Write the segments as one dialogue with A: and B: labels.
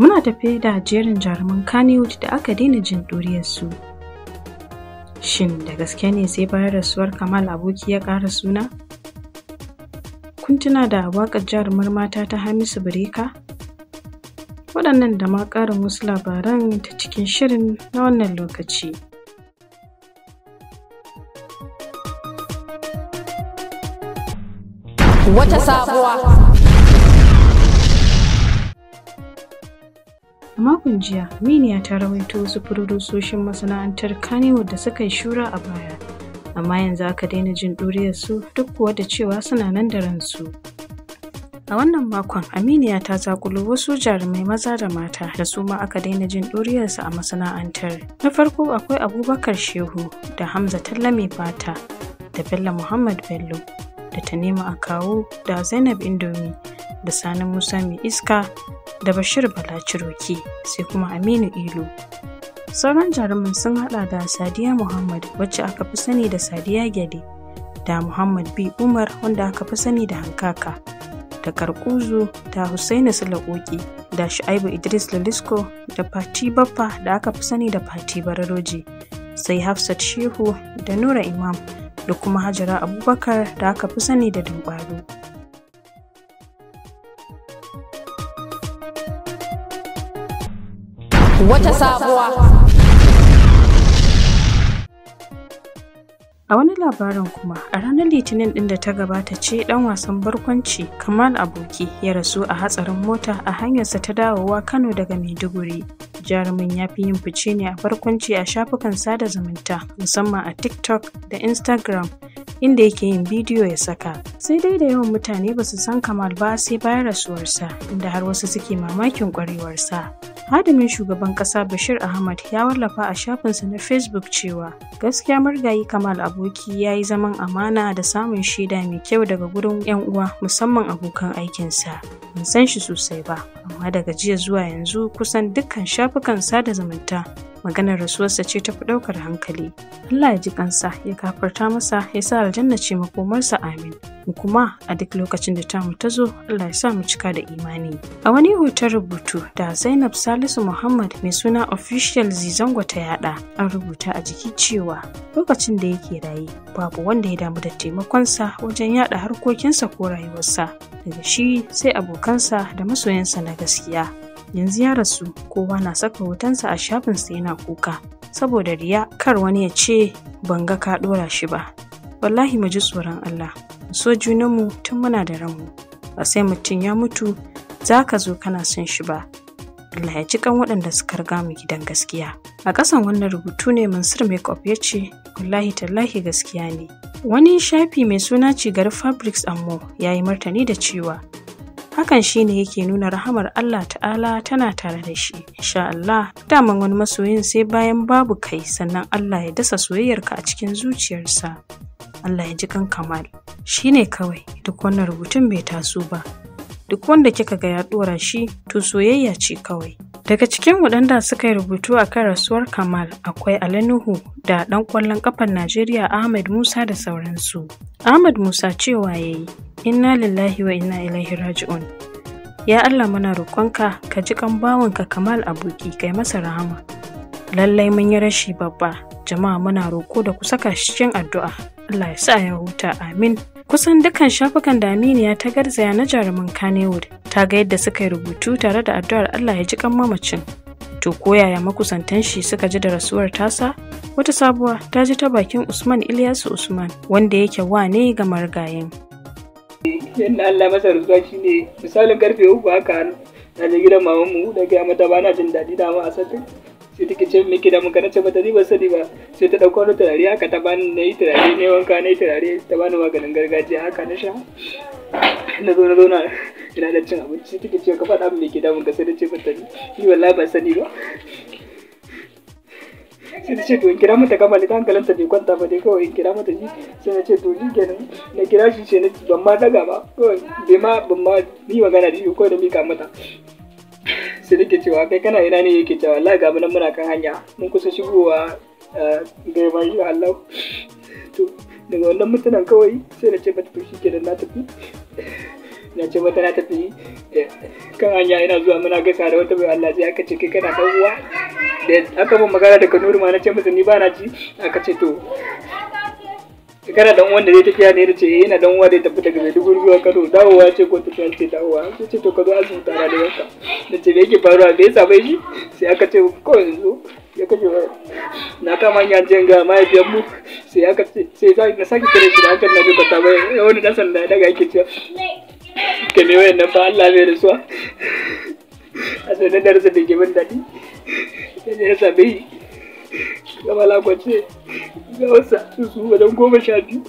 A: Muna tafe da jerin jaruman Kannywood da aka daina jin su. Shin da gaske ne sai bayan rasuwar Kamal Aboki ya ƙara suna? Kun tuna da waƙar jarumar mata ta Hamisu Bireka? Waɗannan da ma ƙarin wasu labaran ta cikin shirin na wannan lokaci. Wata sabuwa. makon jiya, Miniya ta rawaito wasu furudusoshin masana'antar kanewa da suka yi shura a baya, amma yanzu aka daina jin su duk kuwa da cewa suna nan da ransu. A wannan makon, Aminiya ta zakulo wasu jarumai maza da mata da su ma aka daina jin ɗuriyarsu a masana'antar. Na farko akwai Abubakar Shehu da Hamza Talla mai fata da Bello Muhammad Bello da Tanima Akawo da Zainab Indomi da Sani Musa mai iska da Bashir Bala Ciroki sai kuma Aminu Ilu. Sauran jarumin sun hada da Sadiya Muhammad wacce aka fi sani da Sadiya Gyade, da Muhammad B. Umar wanda aka fi sani da Hankaka, da Karkuzu, da Hussaini Sulaƙoƙi da Shu'aibu Idris Lalisko, da Fati Baffa da aka fi sani da Fati Bararoji, sai Hafsat Shehu da Nura Imam, da kuma Hajara Abubakar da aka fi sani da Dumbaru. wata sabuwa. A wani labarin kuma a ranar Litinin ɗin da ta gabata ce ɗan wasan barkwanci Kamal Aboki ya rasu a hatsarin mota a hanyarsa ta dawowa Kano daga Maiduguri. Jarumin ya fi yin fice ne a barkwanci a shafukan sada zumunta musamman a TikTok da Instagram inda yake yin bidiyo ya saka. Sai dai da yawan mutane ba su san Kamal ba sai bayan rasuwarsa, inda har wasu suke mamakin kwarewarsa. Hadimin shugaban kasa Bashir Ahmad ya wallafa a shafinsa na Facebook cewa gaskiya margayi Kamal aboki ya yi zaman amana da samun shaida mai kyau daga gurin 'yan uwa musamman abokan aikinsa. Ban san shi sosai ba, amma daga jiya zuwa yanzu kusan dukkan shafukan sada zumunta maganar rasuwarsa ce ta fi ɗaukar hankali. Allah ya ji kansa ya kafarta masa ya sa aljanna ce makomarsa amin. Mu kuma a duk lokacin da tamu ta zo Allah ya sa mu cika da imani. A wani hoton rubutu da Zainab Salisu Muhammad mai suna official Zizango ta yada an rubuta a jiki cewa lokacin da yake raye babu wanda ya damu da taimakonsa wajen yada harkokinsa ko rayuwarsa daga shi sai abokansa da masoyansa na gaskiya. yanzu ya rasu kowa na saka hotonsa a shafinsa yana kuka saboda riya kar wani ya ce ban ga ka ɗora shi ba wallahi mu ji tsoron Allah mu so mu tun muna da ranmu A sai mutum ya mutu za ka zo kana son shi ba Allah ya ci kan waɗanda suka riga mu gidan gaskiya a ƙasan wannan rubutu ne Mansur Makeup ya ce wallahi tallahi gaskiya ne wani shafi mai suna cigar Fabrics Ammo ya yi martani da cewa hakan shi shine yake nuna rahamar Allah ta'ala tana tare da shi insha Allah daman wani masoyin sai bayan babu kai sannan Allah ya dasa soyayyarka a cikin zuciyarsa Allah ya ji kan kamal ne kawai duk wannan rubutun bai taso ba duk wanda kika ga ya shi to soyayya ce kawai Daga cikin waɗanda suka yi rubutu a kan rasuwar Kamal akwai Nuhu da ɗan ƙwallon ƙafar Najeriya Ahmed Musa da sauransu. Ahmed Musa cewa ya yi, Inna lillahi wa inna ilaihi raji'un. Ya Allah mana roƙonka ka ji kan bawanka Kamal Abuki kai masa rahama. Lallai mun yi rashi babba, jama'a muna roƙo da ku saka shi cikin addu'a. Allah ya sa ya huta amin. Kusan dukkan shafukan da Aminiya ta garzaya na jaruman kanewood ta ga yadda suka yi rubutu tare da addu'ar Allah ya ji kan mamacin. To ko yaya makusantan shi suka ji da rasuwar tasa? Wata sabuwa ta ji ta bakin Usman Ilyasu Usman wanda yake ne ga marigayin.
B: Yadda Allah masa rasuwa ne misalin karfe uku haka na je gidan mamanmu da gaya mata bana jin daɗi dama a satin. sai take ce miki da magana ce mata ni ba sani ba sai ta dauko ta rari aka ta bani na yi turare ne wanka na yi turare ta bani maganin gargajiya haka na sha na zo na zo na ina da cin abinci sai take ce ka faɗa min me ke damun ka sai ta ce mata ni wallahi ba sani ba sai ce to in kira mata kama da hankalinta bai kwanta ba dai kawai in kira mata ji sai na ce to shi kenan na kira shi ce na ban ma daga ba kawai bai ma ban ma ni magana da shi kawai da mika mata sai nake cewa kai kana ina ne yake cewa Allah ga nan muna kan hanya mun kusa shigowa eh, gaiba shi Allah to daga wannan mutanen kawai sai na ce mata to shi kenan na tafi na ce mata na tafi eh, kan hanya ina zuwa muna gasa da wata bai Allah sai aka ce kai kana kan uwa da aka mun magana da Nuru ma na ce masa ni ba na ji aka ce to kana dan wanda zai tafiya ne da eh ina dan wanda zai tafi daga Maiduguri zuwa Kano dawowa ce ko tafiya ce dawowa sai ce to ka zo azumi tara da yanka da ce me yake faruwa bai yasa bai shi sai aka ce ko yanzu ya kace waya na kama hanya jin ga mahaifiyar mu sai aka ce sai na sake kare shi da hakan na duka ta bai eh, wani dan sanda daga yake ce ke ne wayan nan ba Allah bai rasuwa a sai da darasa da ke min daɗi sai ya same ga malakwace ga wasa su wajen goma sha biyu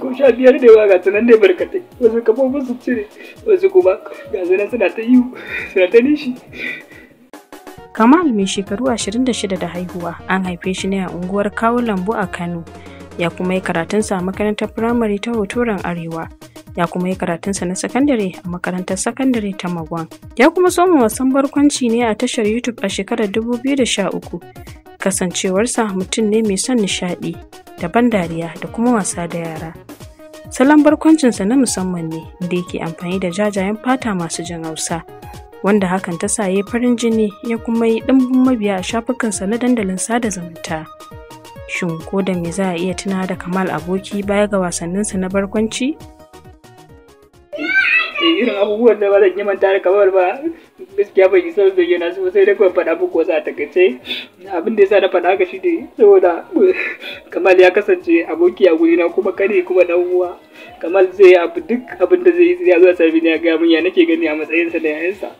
B: ko sha biyar da yawa ga tunan dai barkatai wasu kafofin su cire wasu kuma ga zanen suna ta yiwu suna ta nishi
A: Kamal mai shekaru 26 da haihuwa an haife shi ne a unguwar Kawo Lambu a Kano. Ya kuma yi karatunsa a makarantar firamare ta Hotoran Arewa. Ya kuma yi karatunsa na sakandare a makarantar sakandare ta Magwan. Ya kuma soma wasan barkwanci ne a tashar YouTube a shekarar 2013. kasancewarsa mutum ne mai son nishaɗi da ban dariya da kuma wasa da yara salon barkwancinsa na musamman ne da yake amfani da jajayen fata masu jan hausa wanda hakan ta saye farin jini ya kuma yi ɗimbin mabiya a shafukansa na dandalin sada zumunta shin ko da me za a iya tuna da kamal aboki baya ga wasanninsa na barkwanci
B: gaskiya bai isa bayyana su sai dai kuma faɗa muku wasu a takaice abin da yasa na faɗa ka shi ne saboda kamal ya kasance aboki a guri na kuma kare kuma dan uwa kamal zai abu duk abin da zai ya zo sami ne ya ga mun ya nake gani a matsayin da yayansa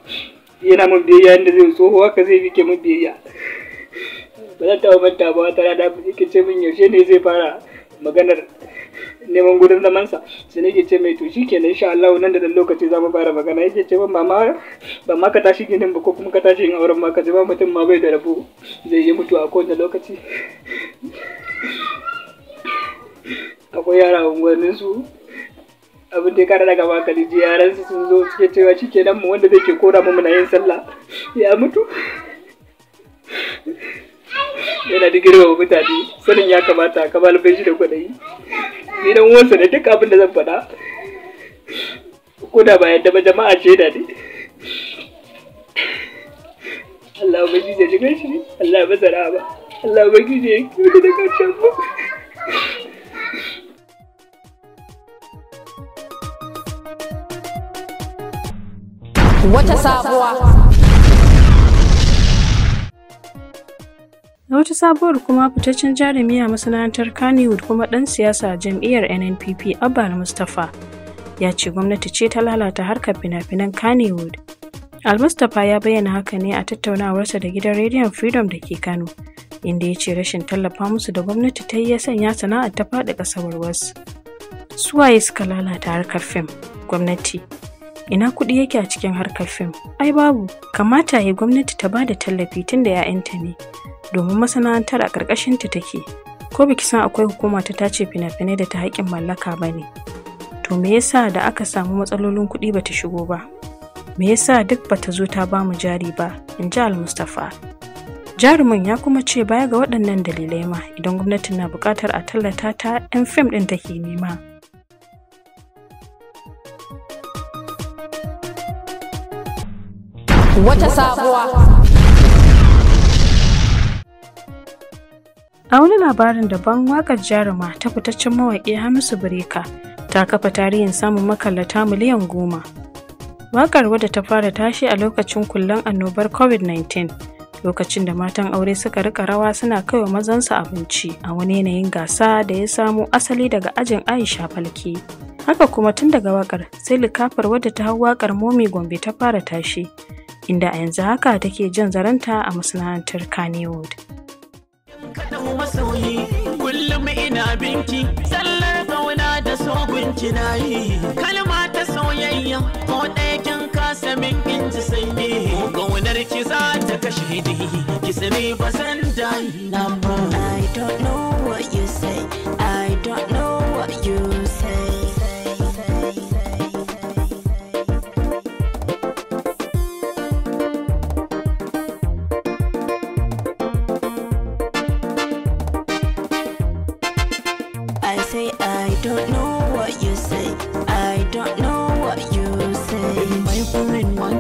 B: yana mun biyayya inda zai tsoho ka zai rike mun biyayya ba zan taɓa manta ba wata rana yake ce min yaushe ne zai fara maganar neman gurin zamansa sai nake ce mai to shikenan insha Allah nan da dan lokaci za mu fara magana yake ce ba mama ba ma ka tashi ginin ba ko kuma ka tashi yin auren ma ka ji ba mutum ma bai da rabo zai yi mutu a kowane lokaci akwai yara a unguwannin su abin da ya kara daga ba kaliji yaran su sun zo suke cewa shikenan mu wanda zai ke kora mu muna yin sallah ya mutu yana da girma mutane sanin ya kamata kamar bai shi da kwaɗayi ni dan uwansa da duk abin da zan faɗa ko da ba yadda ba jama'a ce da ne Allah ba ji da jigar shi Allah ba zara ba Allah ba ji da yake da karshen
A: mu wata sabuwa Na wata sabuwar kuma fitaccen jarumi a masana'antar Kannywood kuma ɗan siyasa a jam'iyyar NNPP Abba Mustapha ya ce gwamnati ce ta lalata harkar fina-finan Kannywood. Al-Mustapha ya bayyana haka ne a tattaunawarsa da gidan rediyon Freedom da ke Kano, inda ya ce rashin tallafa musu da gwamnati ta yi ya sanya sana'ar ta faɗi ƙasa warwas. Suwaye suka lalata harkar fim? Gwamnati. ina kuɗi yake a cikin harkar fim ai babu kamata ya gwamnati ta ba da tallafi tun da 'ya'yanta ne domin masana'antar a ƙarƙashinta take ko biki san akwai hukuma ta tace fina-finai da ta haƙƙin mallaka ba ne to me yasa da aka samu matsalolin kuɗi ba ta shigo ba me yasa duk ba ta zo ta bamu jari ba in ji almustafa jarumin ya kuma ce baya ga waɗannan dalilai ma idan gwamnati na buƙatar a tallata ta 'yan fim ɗin take nema wata sabuwa. A wani labarin daban wakar jaruma ta fitaccen mawaƙi Hamisu Bireka ta kafa tarihin samun makallata miliyan goma. Wakar wadda ta fara tashi a lokacin kullen annobar COVID-19 lokacin da matan aure suka rika rawa suna kaiwa mazansu abinci a wani yanayin gasa da ya samo asali daga ajin Aisha Falke. Haka kuma tun daga wakar sai likafar wadda ta hau wakar Momi Gombe ta fara tashi inda a yanzu haka take jan zaranta a masana'antar Kannywood.
B: kullum ina binki sallar zauna da sogunki na kalma ta soyayya ko ɗaya kin kasa min in ji sanyi kaunar ki za ta kashe ni ki sani ba san na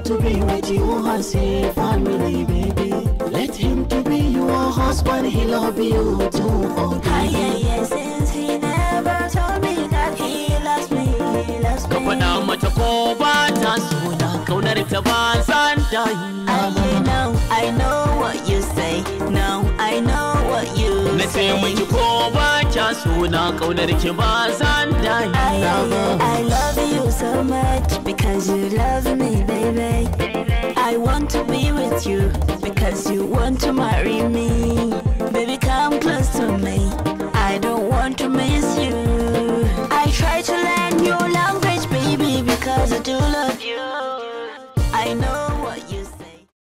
A: to be with you as a family, baby. Let him to be your husband, he love you too.
B: Okay. Yeah, yeah, since he never told me that he loves me, he loves me. Kapana mata ko ba ta suna kaunar ta ba san ta yi. I know, I know what you say. Now I know what you say. Na ce miki ko ba ta suna na rita ba san I
A: love you so much because you love me, baby. I want to be with you because you want to marry me. Baby, come close to
B: me. I don't want to miss you. I try to learn your language, baby, because I do love.